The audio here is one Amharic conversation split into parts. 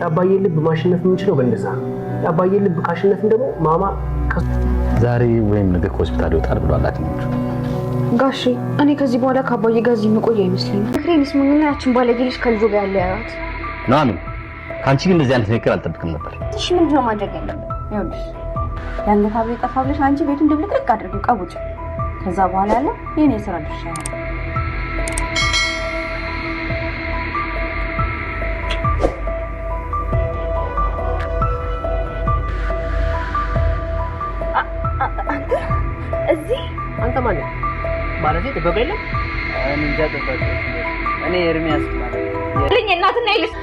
የአባዬን ልብ ማሸነፍ የምንችለው በእንደዛ የአባዬን ልብ ካሸነፍን ደግሞ ማማ ዛሬ ወይም ነገ ከሆስፒታል ይወጣል ብሏል ሐኪሞቹ። ጋሺ እኔ ከዚህ በኋላ ከአባዬ ጋር እዚህ መቆይ አይመስለኝም። ምክሬን ስሙኝና ያችን ባለጌ ልጅ ከልጁ ጋር ያለ ያራት ኑሐሚን፣ ከአንቺ ግን እንደዚህ አይነት ንግግር አልጠብቅም ነበር። እሺ ምንድን ነው ማድረግ ያለብን? ይኸውልሽ የአንገት ሐብል ጠፋ ብለሽ አንቺ ቤቱን ድብልቅልቅ አድርጊው ቀውጭ። ከዛ በኋላ ያለ የእኔ ስራ ድርሻ ነው። በፊት ጥበቃ የለም። እንጃ ጥበቃ እኔ ኤርሚያስ ልኝ እናትና ይልስ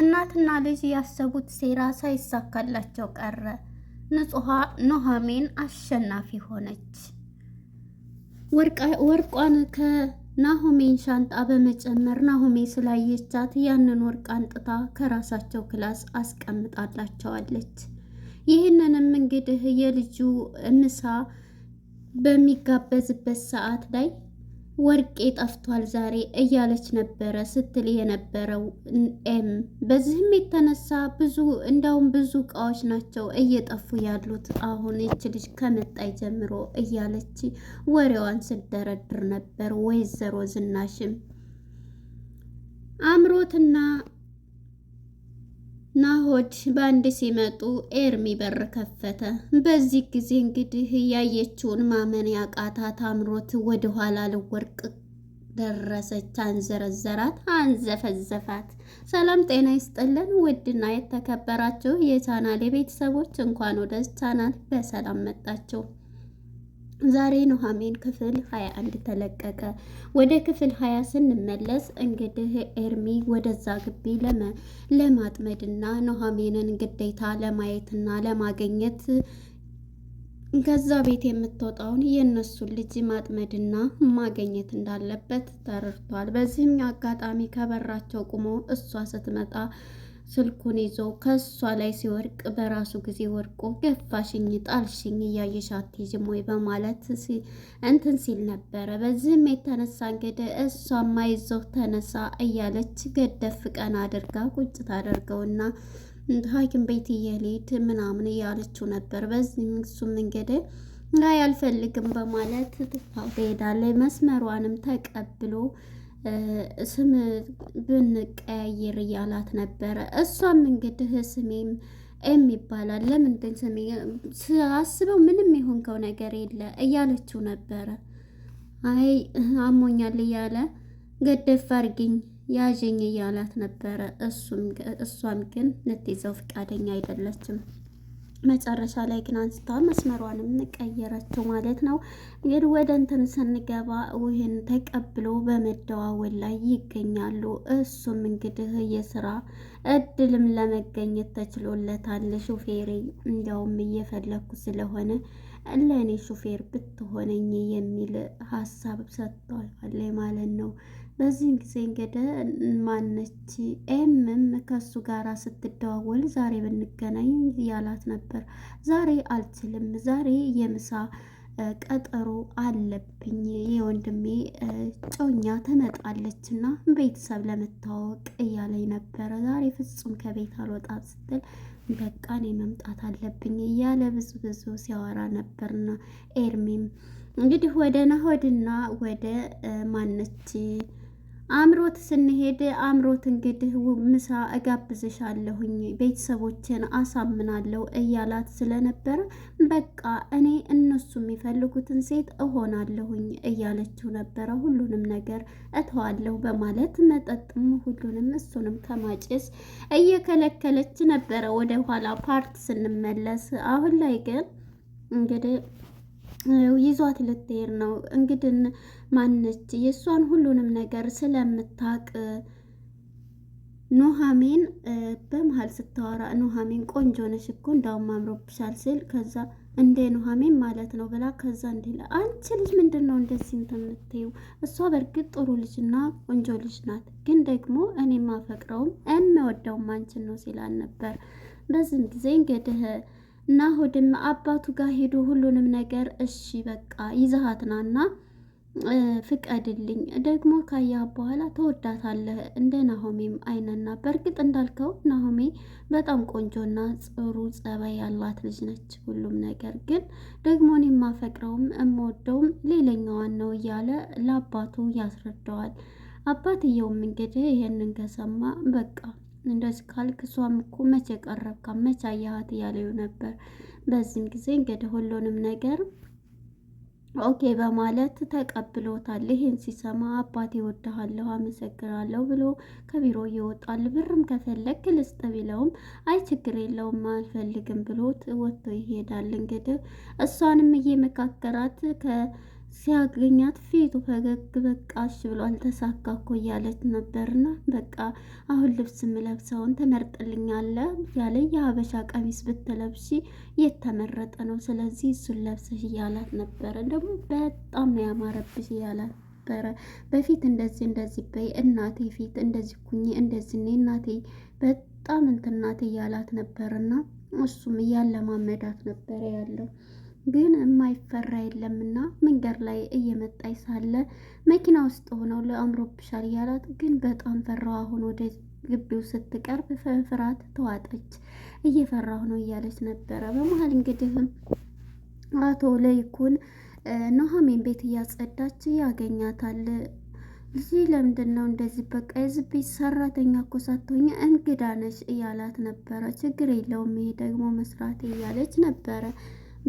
እናትና ልጅ ያሰቡት ሴራ ሳይሳካላቸው ቀረ። ንጹሃ ኑሃሜን አሸናፊ ሆነች። ወርቋን ከ ናሆሜን ሻንጣ በመጨመር ናሆሜ ስላየቻት ያንን ወርቅ አንጥታ ከራሳቸው ክላስ አስቀምጣላቸዋለች። ይህንንም እንግዲህ የልጁ ምሳ በሚጋበዝበት ሰዓት ላይ ወርቄ ጠፍቷል ዛሬ እያለች ነበረ ስትል የነበረው ኤም። በዚህም የተነሳ ብዙ እንደውም ብዙ እቃዎች ናቸው እየጠፉ ያሉት አሁን ይች ልጅ ከመጣይ ጀምሮ እያለች ወሬዋን ስደረድር ነበር። ወይዘሮ ዝናሽም አምሮትና ናሆድ በአንድ ሲመጡ ኤርሚ በር ከፈተ። በዚህ ጊዜ እንግዲህ ያየችውን ማመን ያቃታት አምሮት ወደኋላ ልወርቅ ደረሰች። አንዘረዘራት፣ አንዘፈዘፋት። ሰላም ጤና ይስጥልን ውድና የተከበራችሁ የቻናል የቤተሰቦች እንኳን ወደ ቻናል በሰላም መጣችሁ። ዛሬ ኑሐሚን ክፍል 21 ተለቀቀ። ወደ ክፍል 20 ስንመለስ እንግዲህ ኤርሚ ወደዛ ግቢ ለማጥመድና ኑሐሚንን ግዴታ ለማየትና ለማገኘት ከዛ ቤት የምትወጣውን የእነሱን ልጅ ማጥመድና ማገኘት እንዳለበት ተረድቷል። በዚህም አጋጣሚ ከበራቸው ቁሞ እሷ ስትመጣ ስልኩን ይዞ ከእሷ ላይ ሲወርቅ በራሱ ጊዜ ወርቆ ገፋሽኝ፣ ጣልሽኝ እያየሽ አትይዝም ወይ በማለት እንትን ሲል ነበረ። በዚህም የተነሳ እንግዲህ እሷ ማይዘው ተነሳ እያለች ገደፍ ቀን አድርጋ ቁጭ ታደርገውና ሐኪም ቤት እየሄድ ምናምን እያለችው ነበር። በዚህም እሱም እንግዲህ ላይ አልፈልግም በማለት ትታው ትሄዳለች። መስመሯንም ተቀብሎ ስም ብንቀያየር እያላት ነበረ። እሷም እንግዲህ ስሜም ኤም ይባላል ለምንድን ስሜ ስአስበው ምንም የሆንከው ነገር የለ እያለችው ነበረ። አይ አሞኛል እያለ ገደፍ አርግኝ ያዥኝ እያላት ነበረ። እሷም ግን ልትይዘው ፈቃደኛ አይደለችም። መጨረሻ ላይ ግን አንስታ መስመሯንም ቀየረችው ማለት ነው። እንግዲህ ወደ እንትን ስንገባ ውህን ተቀብሎ በመደዋወል ላይ ይገኛሉ። እሱም እንግዲህ የስራ እድልም ለመገኘት ተችሎለታል። ሹፌሬ እንዲያውም እየፈለግኩ ስለሆነ ለእኔ ሹፌር ብትሆነኝ የሚል ሀሳብ ሰጥቷል ማለት ነው። በዚህን ጊዜ እንግዲህ ማነች ኤምም ከሱ ጋር ስትደዋወል ዛሬ ብንገናኝ ያላት ነበር። ዛሬ አልችልም፣ ዛሬ የምሳ ቀጠሮ አለብኝ፣ የወንድሜ ጮኛ ትመጣለች እና ቤተሰብ ለመታወቅ እያለኝ ነበረ። ዛሬ ፍጹም ከቤት አልወጣ ስትል በቃ እኔ መምጣት አለብኝ እያለ ብዙ ብዙ ሲያወራ ነበርና ኤርሚም እንግዲህ ወደ ናሆድና ወደ ማነች አምሮት ስንሄድ አምሮት እንግዲህ ምሳ እጋብዝሻለሁኝ ቤተሰቦችን አሳምናለሁ እያላት ስለነበረ በቃ እኔ እነሱ የሚፈልጉትን ሴት እሆናለሁኝ እያለችው ነበረ። ሁሉንም ነገር እተዋለሁ በማለት መጠጥም ሁሉንም እሱንም ከማጭስ እየከለከለች ነበረ። ወደ ኋላ ፓርት ስንመለስ አሁን ላይ ግን እንግዲህ ይዟት ልትሄድ ነው። እንግድን ማነች የእሷን ሁሉንም ነገር ስለምታቅ ኑሐሚን በመሀል ስታወራ ኑሐሚን ቆንጆ ነሽ እኮ እንዳውም አምሮብሻል ስል ከዛ እንደ ኑሐሚን ማለት ነው ብላ ከዛ እንዲ አንቺ ልጅ ምንድን ነው እንደዚህ እንትን የምትይው? እሷ በእርግጥ ጥሩ ልጅና ቆንጆ ልጅ ናት፣ ግን ደግሞ እኔ ማፈቅረውም እምወደውም አንቺን ነው ሲላል ነበር። በዚህም ጊዜ እንግዲህ ናሆድም አባቱ ጋር ሄዶ ሁሉንም ነገር እሺ በቃ ይዘሃትናና ፍቀድልኝ ደግሞ ካያህ በኋላ ተወዳታለህ። እንደ ናሆሜም አይነና በእርግጥ እንዳልከው ናሆሜ በጣም ቆንጆና ጥሩ ጸባይ ያላት ልጅ ነች። ሁሉም ነገር ግን ደግሞ እኔ የማፈቅረውም የምወደውም ሌላኛዋን ነው እያለ ለአባቱ ያስረዳዋል። አባትየውም እንግዲህ ይህንን ከሰማ በቃ እንደዚህ ካልክ እሷም እኮ መቼ ቀረብካ መቼ አያሃት እያለው ነበር። በዚህም ጊዜ እንግዲህ ሁሉንም ነገር ኦኬ በማለት ተቀብሎታል። ይህን ሲሰማ አባቴ እወድሃለሁ፣ አመሰግናለሁ ብሎ ከቢሮ ይወጣል። ብርም ከፈለግ ልስጥ ቢለውም አይ ችግር የለውም አልፈልግም ብሎት ወጥቶ ይሄዳል። እንግዲህ እሷንም እየመካከራት ከ ሲያገኛት ፊቱ ፈገግ በቃ እሺ ብሏል ተሳካ እኮ እያለች ነበርና በቃ አሁን ልብስ የምለብሰውን ተመርጥልኛለ ያለ የሀበሻ ቀሚስ ብትለብሺ የተመረጠ ነው፣ ስለዚህ እሱን ለብሰሽ እያላት ነበረ። ደግሞ በጣም ነው ያማረብሽ እያላት ነበረ። በፊት እንደዚህ እንደዚህ በይ እናቴ ፊት እንደዚህ ኩኝ እንደዚህ እኔ እናቴ በጣም እንትናቴ እያላት ነበርና እሱም እያለማመዳት ነበረ ያለው ግን የማይፈራ የለምና መንገድ ላይ እየመጣይ ሳለ መኪና ውስጥ ሆነው ለአምሮብሻል እያላት ግን በጣም ፈራው። አሁን ወደ ግቢው ስትቀርብ ፍርሃት ተዋጠች። እየፈራሁ ነው እያለች ነበረ። በመሀል እንግዲህ አቶ ለይኩን ኑሃሚን ቤት እያጸዳች ያገኛታል። ልጅ ለምንድን ነው እንደዚህ በቃ የዚህ ቤት ሰራተኛ እኮ ሳትሆኝ እንግዳ ነች እያላት ነበረ። ችግር የለውም ይሄ ደግሞ መስራት እያለች ነበረ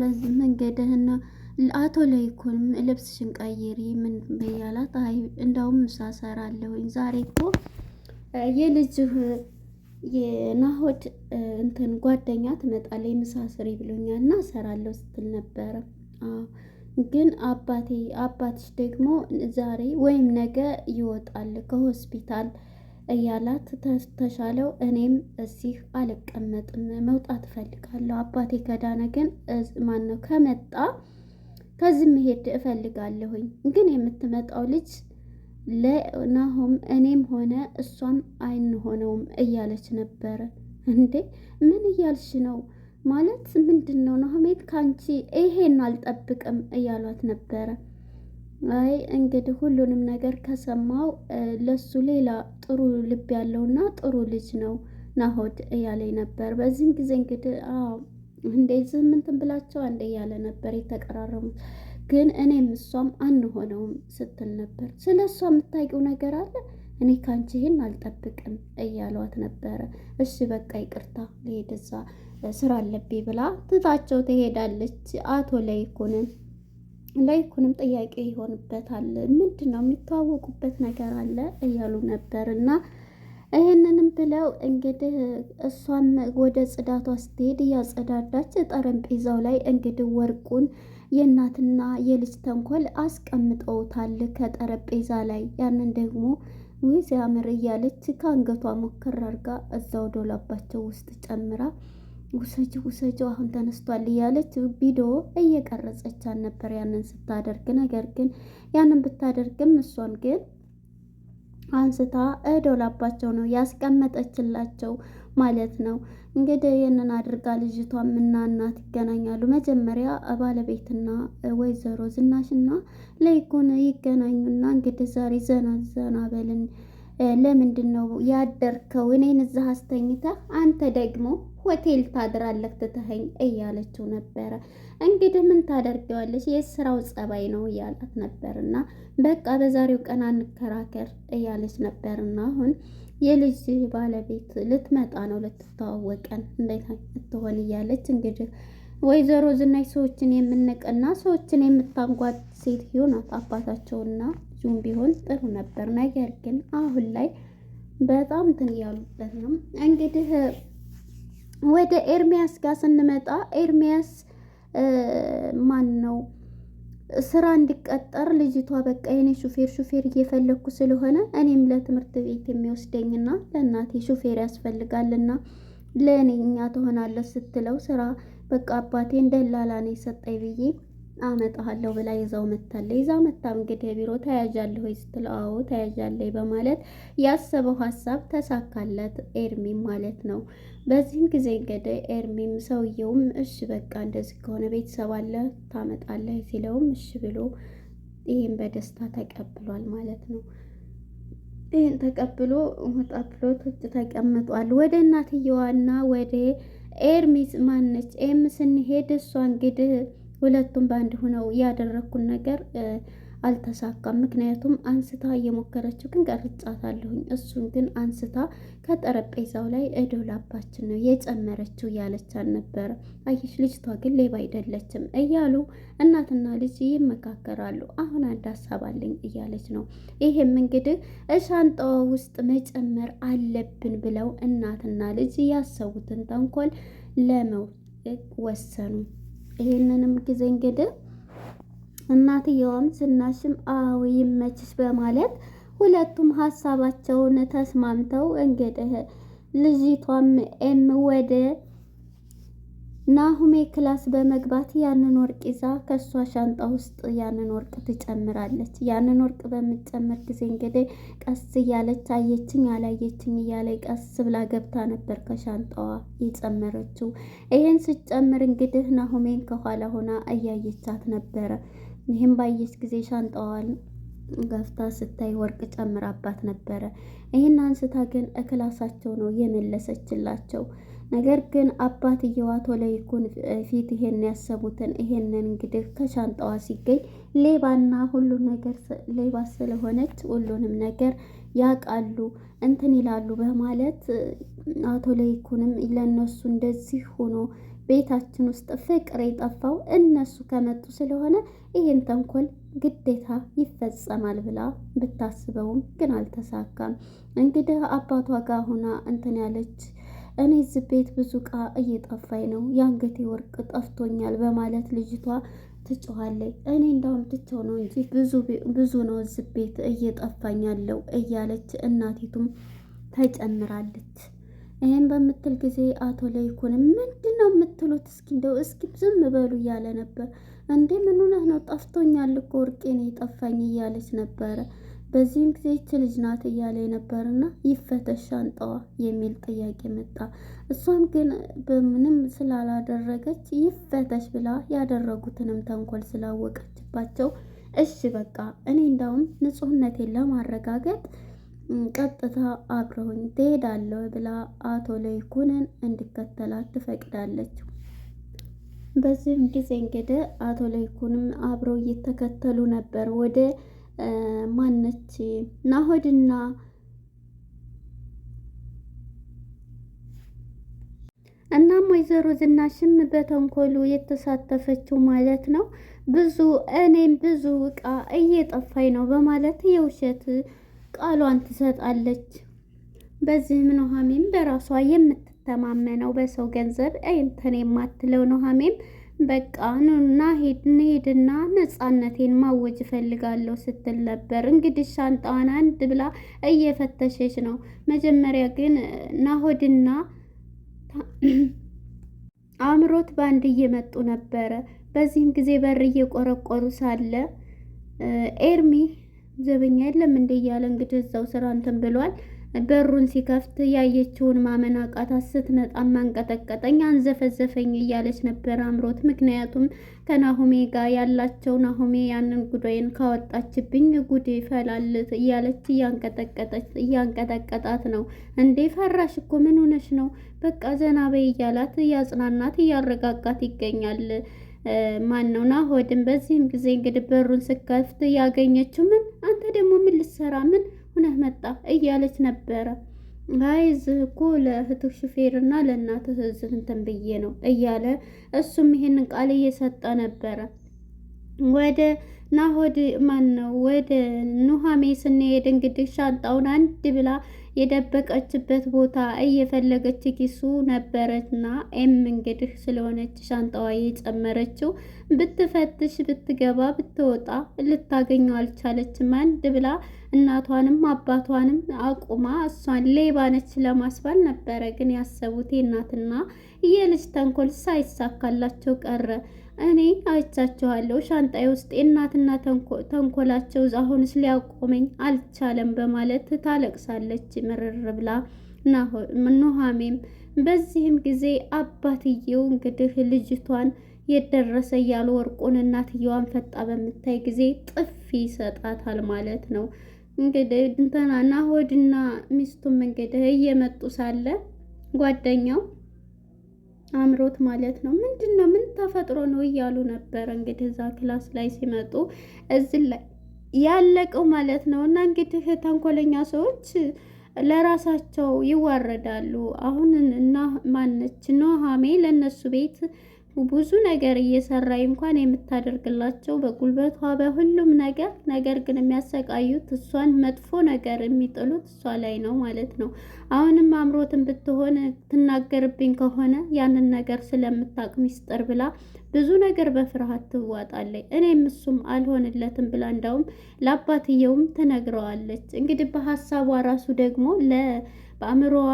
በዚህ መንገድህን አቶ ለይኩን ልብስሽን ቀይሪ ምን በያላት። አይ እንዳውም ምሳ ሰራለሁኝ ዛሬ እኮ የልጅህ የናሆድ እንትን ጓደኛ ትመጣለች ምሳ ስሪ ብሎኛል እና ሰራለሁ ስትል ነበረ። ግን አባቴ አባትሽ ደግሞ ዛሬ ወይም ነገ ይወጣል ከሆስፒታል እያላት ተሻለው እኔም እዚህ አልቀመጥም መውጣት እፈልጋለሁ። አባቴ ከዳነ ግን ማን ነው ከመጣ ከዚህ መሄድ እፈልጋለሁኝ። ግን የምትመጣው ልጅ ለናሆም እኔም ሆነ እሷም አይንሆነውም እያለች ነበረ። እንዴ ምን እያልሽ ነው? ማለት ምንድን ነው ናሆሜት፣ ከአንቺ ይሄን አልጠብቅም እያሏት ነበረ። አይ እንግዲህ ሁሉንም ነገር ከሰማው ለሱ ሌላ ጥሩ ልብ ያለውና ጥሩ ልጅ ነው ናሆድ እያለኝ ነበር። በዚህም ጊዜ እንግዲህ አዎ እንደዚህ ምንትን ብላቸው አንድ እያለ ነበር የተቀራረሙ ግን እኔም እሷም አንሆነውም ስትል ነበር። ስለ እሷ የምታውቂው ነገር አለ? እኔ ከአንቺ ይህን አልጠብቅም እያሏት ነበረ። እሺ በቃ ይቅርታ ልሄድ፣ እዛ ስራ አለብኝ ብላ ትታቸው ትሄዳለች። አቶ ለይኩንን ላይኩንም ጥያቄ ይሆንበታል። ምንድን ነው የሚተዋወቁበት ነገር አለ እያሉ ነበር እና ይህንንም ብለው እንግዲህ እሷም ወደ ጽዳቷ ስትሄድ እያጸዳዳች ጠረጴዛው ላይ እንግዲህ ወርቁን የእናትና የልጅ ተንኮል አስቀምጠውታል ከጠረጴዛ ላይ ያንን ደግሞ ውይ ሲያምር እያለች ከአንገቷ ሞከር አድርጋ እዛው ዶላባቸው ውስጥ ጨምራ ውሰጅ ውሰጅ አሁን ተነስቷል እያለች ቪዲዮ እየቀረጸች ነበር ያንን ስታደርግ። ነገር ግን ያንን ብታደርግም እሷን ግን አንስታ እዶላባቸው ነው ያስቀመጠችላቸው ማለት ነው። እንግዲህ ይህንን አድርጋ ልጅቷ እና እናት ይገናኛሉ። መጀመሪያ ባለቤትና ወይዘሮ ዝናሽና ለይኩን ይገናኙና እንግዲህ ዛሬ ዘና ዘና በልን ለምንድን ነው ያደርከው? እኔን እዛ አስተኝተህ አንተ ደግሞ ሆቴል ታድራለህ ትተኸኝ እያለችው ነበረ። እንግዲህ ምን ታደርገዋለች? የስራው ጸባይ ነው እያላት ነበርና በቃ በዛሬው ቀን አንከራከር እያለች ነበርና አሁን የልጅ ባለቤት ልትመጣ ነው ልትተዋወቀን እንዴት ትሆን እያለች እንግዲህ ወይዘሮ ዝናሽ ሰዎችን የምንቅና ሰዎችን የምታንጓት ሴት ይሆናት አባታቸውና እሱም ቢሆን ጥሩ ነበር። ነገር ግን አሁን ላይ በጣም እንትን እያሉበት ነው። እንግዲህ ወደ ኤርሚያስ ጋር ስንመጣ ኤርሚያስ ማን ነው ስራ እንዲቀጠር ልጅቷ በቃ የኔ ሹፌር ሹፌር እየፈለግኩ ስለሆነ እኔም ለትምህርት ቤት የሚወስደኝና ለእናቴ ሹፌር ያስፈልጋልና ለእኔኛ ትሆናለች ስትለው ስራ በቃ አባቴ እንደላላ ነው የሰጠኝ ብዬ አመጣኋለሁ ብላ ይዛው መታለ ይዛው መታም እንግዲህ ቢሮ ተያዣለሁ ስትለው አዎ ተያዣለሁ በማለት ያሰበው ሀሳብ ተሳካለት፣ ኤርሚም ማለት ነው። በዚህም ጊዜ እንግዲህ ኤርሚም ሰውየውም እሺ በቃ እንደዚህ ከሆነ ቤተሰብ አለ ታመጣለህ ሲለውም እሺ ብሎ ይህም በደስታ ተቀብሏል ማለት ነው። ይህን ተቀብሎ ወጣ ብሎ ተቀምጧል። ወደ እናትየዋና ወደ ኤርሚስ ማነች ኤም ስንሄድ እሷ እንግዲህ ሁለቱም በአንድ ሆነው ያደረግኩን ነገር አልተሳካም። ምክንያቱም አንስታ እየሞከረችው ግን ቀርጫታለሁኝ፣ እሱን ግን አንስታ ከጠረጴዛው ላይ እዶላባችን ነው የጨመረችው ያለች አልነበረ። አየሽ ልጅቷ ግን ሌባ አይደለችም እያሉ እናትና ልጅ ይመካከራሉ። አሁን አንድ ሀሳብ አለኝ እያለች ነው። ይሄም እንግዲህ እሻንጣዋ ውስጥ መጨመር አለብን ብለው እናትና ልጅ ያሰቡትን ተንኮል ለመውጥ ወሰኑ። ይህንንም ጊዜ እንግዲህ እናትየዋም ስናሽም አዎ ይመችሽ በማለት ሁለቱም ሀሳባቸውን ተስማምተው እንግዲህ ልጅቷም ኤም ወደ ናሁሜ ክላስ በመግባት ያንን ወርቅ ይዛ ከእሷ ሻንጣ ውስጥ ያንን ወርቅ ትጨምራለች። ያንን ወርቅ በምትጨምር ጊዜ እንግዲህ ቀስ እያለች አየችኝ አላየችኝ እያለ ቀስ ብላ ገብታ ነበር ከሻንጣዋ የጨመረችው። ይህን ስጨምር እንግዲህ ናሁሜን ከኋላ ሆና እያየቻት ነበረ። ይህም ባየች ጊዜ ሻንጣዋን ገፍታ ስታይ ወርቅ ጨምራባት ነበረ። ይህን አንስታ ግን እክላሳቸው ነው የመለሰችላቸው። ነገር ግን አባትየው አቶ ለይኩን ፊት ይሄን ያሰቡትን ይሄንን እንግዲህ ከሻንጣዋ ሲገኝ ሌባና ሁሉ ነገር ሌባ ስለሆነች ሁሉንም ነገር ያውቃሉ እንትን ይላሉ በማለት አቶ ለይኩንም ለእነሱ እንደዚህ ሆኖ ቤታችን ውስጥ ፍቅር የጠፋው እነሱ ከመጡ ስለሆነ ይህን ተንኮል ግዴታ ይፈጸማል ብላ ብታስበውም ግን አልተሳካም። እንግዲህ አባቷ ጋር ሆና እንትን ያለች እኔ እዚህ ቤት ብዙ እቃ እየጠፋኝ ነው፣ የአንገቴ ወርቅ ጠፍቶኛል በማለት ልጅቷ ትጮኋለች። እኔ እንዳውም ትቸው ነው እንጂ ብዙ ነው እዚህ ቤት እየጠፋኝ ያለው እያለች እናቲቱም ተጨምራለች። ይህም በምትል ጊዜ አቶ ለይኩንም ምንድን ነው የምትሉት? እስኪ እንደው እስኪ ዝም በሉ እያለ ነበር። እንዴ ምን ሆነህ ነው? ጠፍቶኛል እኮ ወርቄ ነው የጠፋኝ እያለች ነበረ በዚህም ጊዜ ይች ልጅ ናት እያለ ነበርና ይፈተሽ ሻንጣዋ የሚል ጥያቄ መጣ። እሷም ግን በምንም ስላላደረገች ይፈተሽ ብላ ያደረጉትንም ተንኮል ስላወቀችባቸው እሺ በቃ እኔ እንዳውም ንጹህነቴን ለማረጋገጥ ቀጥታ አብረውኝ ትሄዳለሁ ብላ አቶ ለይኩንን እንዲከተላት ትፈቅዳለች። በዚህም ጊዜ እንግዲህ አቶ ለይኩንም አብረው እየተከተሉ ነበር ወደ ማነች ናሆድና እናም ወይዘሮ ዝናሽም በተንኮሉ የተሳተፈችው ማለት ነው። ብዙ እኔም ብዙ እቃ እየጠፋኝ ነው በማለት የውሸት ቃሏን ትሰጣለች። በዚህም ኑሃሜም በራሷ የምትተማመነው በሰው ገንዘብ እንትን የማትለው ኑሃሜም በቃ ኑና ሄድና ነጻነቴን ማወጅ እፈልጋለሁ ስትል ነበር። እንግዲህ ሻንጣዋን አንድ ብላ እየፈተሸች ነው። መጀመሪያ ግን ናሆድና አእምሮት በአንድ እየመጡ ነበረ። በዚህም ጊዜ በር እየቆረቆሩ ሳለ ኤርሚ ዘበኛ የለም እንደ እያለ እንግዲህ እዛው ስራ እንትን ብሏል። በሩን ሲከፍት ያየችውን ማመን አቃታት። ስትነጣም አንቀጠቀጠኝ፣ አንዘፈዘፈኝ እያለች ነበር አምሮት። ምክንያቱም ከናሆሜ ጋር ያላቸው ናሆሜ ያንን ጉዳይን ካወጣችብኝ ጉዴ ፈላልት እያለች እያንቀጠቀጠች እያንቀጠቀጣት ነው። እንዴ ፈራሽ እኮ ምን ሆነሽ ነው? በቃ ዘና በይ እያላት እያጽናናት እያረጋጋት ይገኛል። ማን ነው ናሆድን። በዚህም ጊዜ እንግዲህ በሩን ስከፍት ያገኘችው ምን አንተ ደግሞ ምን ልትሰራ ምን ሁነህ መጣ እያለች ነበረ። አይ እዚህ እኮ ለእህትህ ሹፌርና ለእናትህ እዚህ እንትን ብዬ ነው እያለ እሱም ይሄንን ቃል እየሰጠ ነበረ። ወደ ናሆድ ማን ነው ወደ ኑሃሜ ስንሄድ እንግዲህ ሻንጣውን አንድ ብላ የደበቀችበት ቦታ እየፈለገች ኪሱ ነበረና ኤም እንግዲህ ስለሆነች ሻንጣዋ የጨመረችው ብትፈትሽ ብትገባ ብትወጣ ልታገኘው አልቻለችም። አንድ ብላ እናቷንም አባቷንም አቁማ እሷን ሌባ ነች ለማስባል ነበረ። ግን ያሰቡት የእናትና የልጅ ተንኮል ሳይሳካላቸው ቀረ። እኔ አይቻችኋለሁ፣ ሻንጣዬ ውስጥ የእናትና ተንኮላቸው አሁንስ ሊያቆመኝ አልቻለም በማለት ታለቅሳለች ምርር ብላ ኑሃሜም። በዚህም ጊዜ አባትየው እንግዲህ ልጅቷን የደረሰ እያሉ ወርቁን እናትየዋን ፈጣ በምታይ ጊዜ ጥፊ ይሰጣታል ማለት ነው። እንግዲህ እንትና ናሆድና ሚስቱም እንግዲህ እየመጡ ሳለ ጓደኛው አምሮት ማለት ነው። ምንድን ነው ምን ተፈጥሮ ነው እያሉ ነበር እንግዲህ እዛ ክላስ ላይ ሲመጡ እዚህ ላይ ያለቀው ማለት ነው። እና እንግዲህ ተንኮለኛ ሰዎች ለራሳቸው ይዋረዳሉ። አሁን እና ማነች ኑሃሜ ለእነሱ ቤት ብዙ ነገር እየሰራ እንኳን የምታደርግላቸው በጉልበቷ በሁሉም ነገር ነገር ግን የሚያሰቃዩት እሷን መጥፎ ነገር የሚጥሉት እሷ ላይ ነው ማለት ነው። አሁንም አምሮትን ብትሆን ትናገርብኝ ከሆነ ያንን ነገር ስለምታቅ ሚስጥር ብላ ብዙ ነገር በፍርሃት ትዋጣለች። እኔም እሱም አልሆንለትም ብላ እንዳውም ለአባትየውም ትነግረዋለች። እንግዲህ በሀሳቧ ራሱ ደግሞ ለ በአእምሮዋ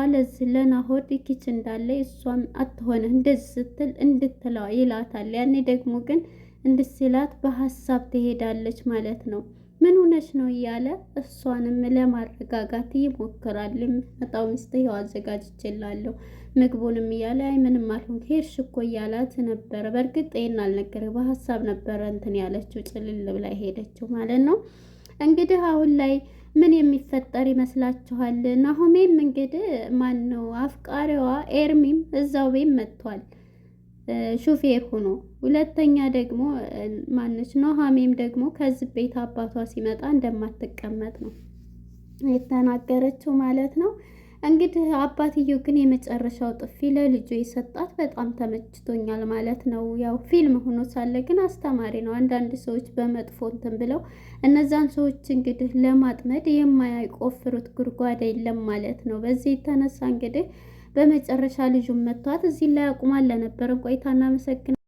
ለናሆድ ኪች እንዳለ እሷም አትሆነ እንደዚህ ስትል እንድትለው ይላታል። ያኔ ደግሞ ግን እንድስላት በሀሳብ ትሄዳለች ማለት ነው። ምን ሆነች ነው እያለ እሷንም ለማረጋጋት ይሞክራል። የሚመጣው መስተያው አዘጋጅቼላለሁ ምግቡንም እያለ አይ ምንም አልሆን ሄድሽ እኮ እያላት ነበረ። በእርግጥ ይሄን አልነገረ በሀሳብ ነበረ እንትን ያለችው ጭልል ብላ ሄደችው ማለት ነው። እንግዲህ አሁን ላይ ምን የሚፈጠር ይመስላችኋል? ናሆሜም እንግዲህ ማን ነው አፍቃሪዋ ኤርሚም እዛው ቤት መጥቷል ሹፌር ሆኖ። ሁለተኛ ደግሞ ማነች ኑሃሜም ደግሞ ከዚህ ቤት አባቷ ሲመጣ እንደማትቀመጥ ነው የተናገረችው ማለት ነው። እንግዲህ አባትየው ግን የመጨረሻው ጥፊ ለልጁ የሰጣት በጣም ተመችቶኛል ማለት ነው። ያው ፊልም ሆኖ ሳለ ግን አስተማሪ ነው። አንዳንድ ሰዎች በመጥፎ እንትን ብለው እነዛን ሰዎች እንግዲህ ለማጥመድ የማይቆፍሩት ጉድጓድ የለም ማለት ነው። በዚህ የተነሳ እንግዲህ በመጨረሻ ልጁን መቷት። እዚህ ላይ አቁማል። ለነበረን ቆይታ እናመሰግናል።